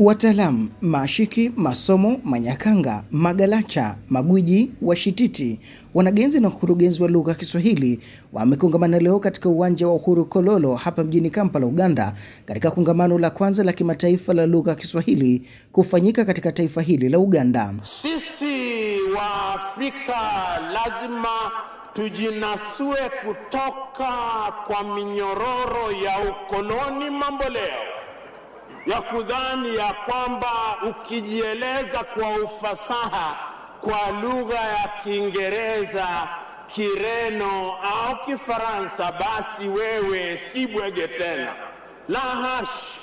Wataalamu, maashiki, masomo, manyakanga, magalacha, magwiji, washititi, wanagenzi na wakurugenzi wa lugha ya Kiswahili wamekongamana leo katika uwanja wa Uhuru Kololo hapa mjini Kampala, Uganda, katika kongamano la kwanza la kimataifa la lugha ya Kiswahili kufanyika katika taifa hili la Uganda. Sisi wa Afrika lazima tujinasue kutoka kwa minyororo ya ukoloni mambo leo ya kudhani ya kwamba ukijieleza kwa ufasaha kwa lugha ya Kiingereza, Kireno au Kifaransa, basi wewe si bwege tena. La hash!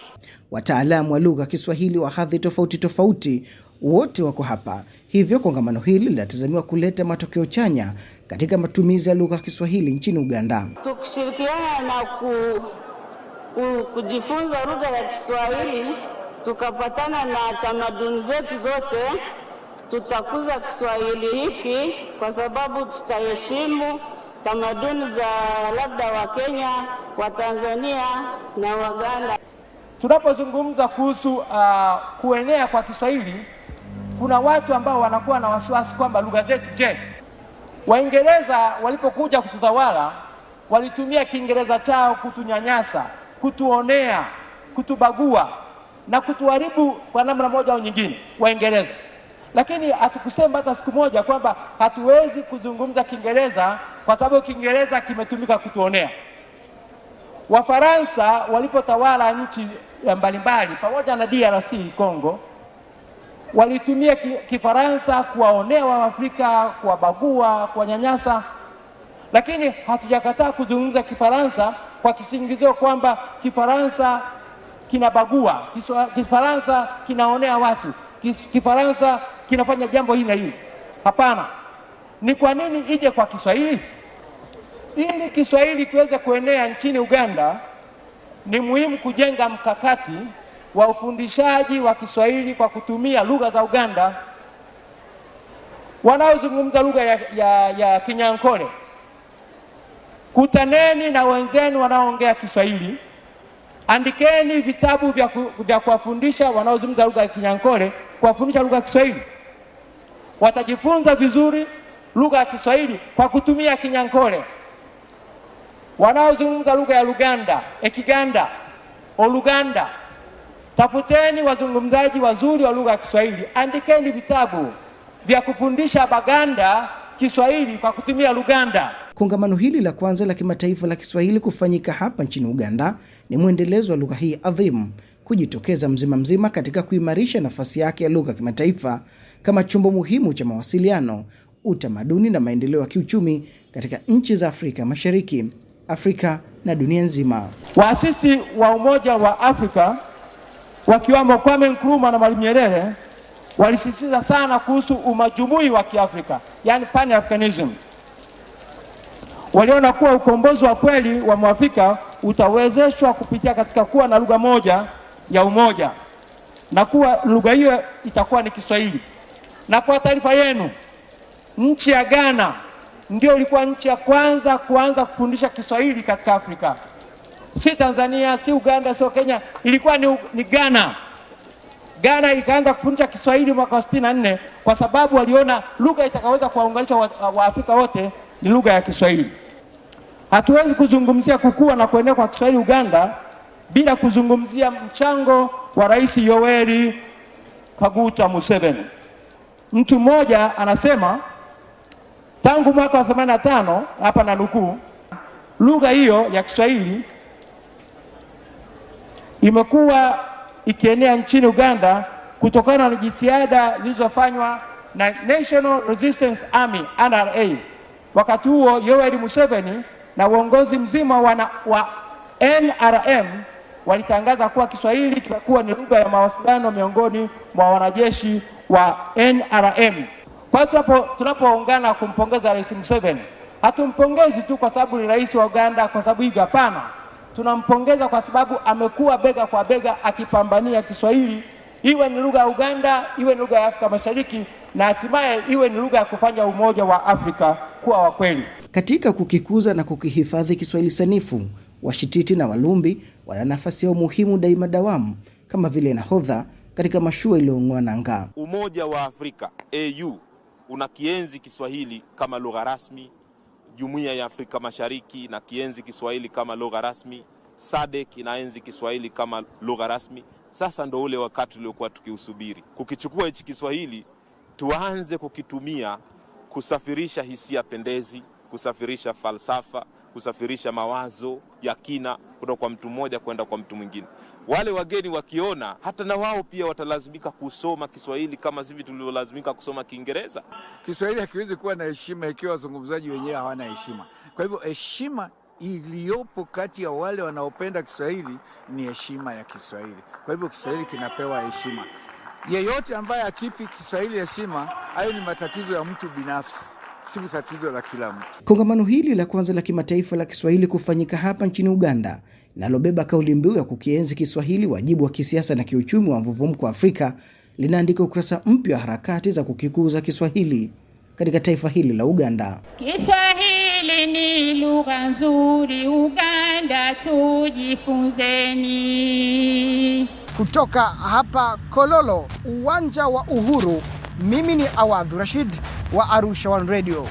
Wataalamu wa lugha ya Kiswahili wa hadhi tofauti tofauti wote wako hapa, hivyo kongamano hili linatazamiwa kuleta matokeo chanya katika matumizi ya lugha ya Kiswahili nchini Uganda, tukishirikiana na ku kujifunza lugha ya Kiswahili tukapatana na tamaduni zetu zote, tutakuza Kiswahili hiki kwa sababu tutaheshimu tamaduni za labda wa Kenya, wa Tanzania na Waganda. Tunapozungumza kuhusu uh, kuenea kwa Kiswahili, kuna watu ambao wanakuwa na wasiwasi kwamba lugha zetu, je, Waingereza walipokuja kututawala walitumia Kiingereza chao kutunyanyasa kutuonea, kutubagua na kutuharibu kwa namna moja au nyingine, Waingereza. Lakini hatukusema hata siku moja kwamba hatuwezi kuzungumza Kiingereza kwa sababu Kiingereza kimetumika kutuonea. Wafaransa walipotawala nchi mbalimbali pamoja na DRC Congo, walitumia Kifaransa kuwaonea Waafrika, kuwabagua, kuwanyanyasa, lakini hatujakataa kuzungumza Kifaransa kwa kisingizio kwamba Kifaransa kinabagua, Kifaransa kinaonea watu, Kifaransa kinafanya jambo hili na hili. Hapana, ni kwa nini ije kwa Kiswahili? Ili Kiswahili kiweze kuenea nchini Uganda, ni muhimu kujenga mkakati wa ufundishaji wa Kiswahili kwa kutumia lugha za Uganda. Wanaozungumza lugha ya, ya, ya Kinyankole Kutaneni na wenzenu wanaoongea Kiswahili, andikeni vitabu vya, ku, vya kuwafundisha wanaozungumza lugha ya Kinyankole, kuwafundisha lugha ya Kiswahili. Watajifunza vizuri lugha ya Kiswahili kwa kutumia Kinyankole. Wanaozungumza lugha ya Luganda, Ekiganda, Oluganda, tafuteni wazungumzaji wazuri wa lugha ya Kiswahili, andikeni vitabu vya kufundisha Baganda Kiswahili kwa kutumia Luganda. Kongamano hili la kwanza la kimataifa la Kiswahili kufanyika hapa nchini Uganda ni mwendelezo wa lugha hii adhimu kujitokeza mzima mzima katika kuimarisha nafasi yake ya lugha kimataifa kama chombo muhimu cha mawasiliano, utamaduni na maendeleo ya kiuchumi katika nchi za Afrika Mashariki, Afrika na dunia nzima. Waasisi wa Umoja wa Afrika wakiwamo Kwame Nkrumah na Mwalimu Nyerere walisisitiza sana kuhusu umajumui wa Kiafrika, yani pan-Africanism waliona kuwa ukombozi wa kweli wa mwafrika utawezeshwa kupitia katika kuwa na lugha moja ya umoja na kuwa lugha hiyo itakuwa ni Kiswahili. Na kwa taarifa yenu, nchi ya Ghana ndio ilikuwa nchi ya kwanza kuanza kufundisha Kiswahili katika Afrika, si Tanzania, si Uganda, sio Kenya, ilikuwa ni, ni Ghana. Ghana ikaanza kufundisha Kiswahili mwaka wa sitini na nne kwa sababu waliona lugha itakaweza kuwaunganisha Waafrika wa wote ni lugha ya Kiswahili. Hatuwezi kuzungumzia kukua na kuenea kwa Kiswahili Uganda bila kuzungumzia mchango wa Rais Yoweri Kaguta Museveni. Mtu mmoja anasema tangu mwaka wa 85 hapa na nukuu, lugha hiyo ya Kiswahili imekuwa ikienea nchini Uganda kutokana na jitihada zilizofanywa na National Resistance Army NRA. Wakati huo Yoweri Museveni na uongozi mzima wana, wa NRM walitangaza kuwa Kiswahili kitakuwa ni lugha ya mawasiliano miongoni mwa wanajeshi wa NRM. Kwa hiyo tunapoungana kumpongeza Rais Museveni, hatumpongezi tu kwa sababu ni rais wa Uganda, kwa sababu hivi, hapana. Tunampongeza kwa sababu amekuwa bega kwa bega akipambania Kiswahili iwe ni lugha ya Uganda, iwe ni lugha ya Afrika Mashariki na hatimaye iwe ni lugha ya kufanya umoja wa Afrika kuwa wa kweli. Katika kukikuza na kukihifadhi Kiswahili sanifu, washititi na walumbi wana nafasi yao muhimu daima dawamu, kama vile nahodha katika mashua iliyong'oa nanga. Umoja wa Afrika AU una kienzi Kiswahili kama lugha rasmi. Jumuiya ya Afrika Mashariki na kienzi Kiswahili kama lugha rasmi. SADC inaenzi Kiswahili kama lugha rasmi. Sasa ndo ule wakati uliokuwa tukiusubiri, kukichukua hichi Kiswahili tuanze kukitumia kusafirisha hisia pendezi, kusafirisha falsafa, kusafirisha mawazo ya kina kutoka kwa mtu mmoja kwenda kwa mtu mwingine. Wale wageni wakiona, hata na wao pia watalazimika kusoma Kiswahili kama hivi tulivyolazimika kusoma Kiingereza. Kiswahili hakiwezi kuwa na heshima ikiwa wazungumzaji wenyewe hawana heshima. Kwa hivyo heshima iliyopo kati ya wale wanaopenda Kiswahili ni heshima ya Kiswahili. Kwa hivyo Kiswahili kinapewa heshima. Yeyote ambaye akipi Kiswahili heshima, hayo ni matatizo ya mtu binafsi, si tatizo la kila mtu. Kongamano hili la kwanza la kimataifa la Kiswahili kufanyika hapa nchini Uganda, linalobeba kauli mbiu ya kukienzi Kiswahili, wajibu wa kisiasa na kiuchumi wa mvuvumko wa Afrika, linaandika ukurasa mpya wa harakati za kukikuza Kiswahili katika taifa hili la Uganda. Kiswahili ni lugha nzuri, Uganda tujifunzeni. Kutoka hapa Kololo, uwanja wa Uhuru, mimi ni Awadhu Rashid wa Arusha One Radio.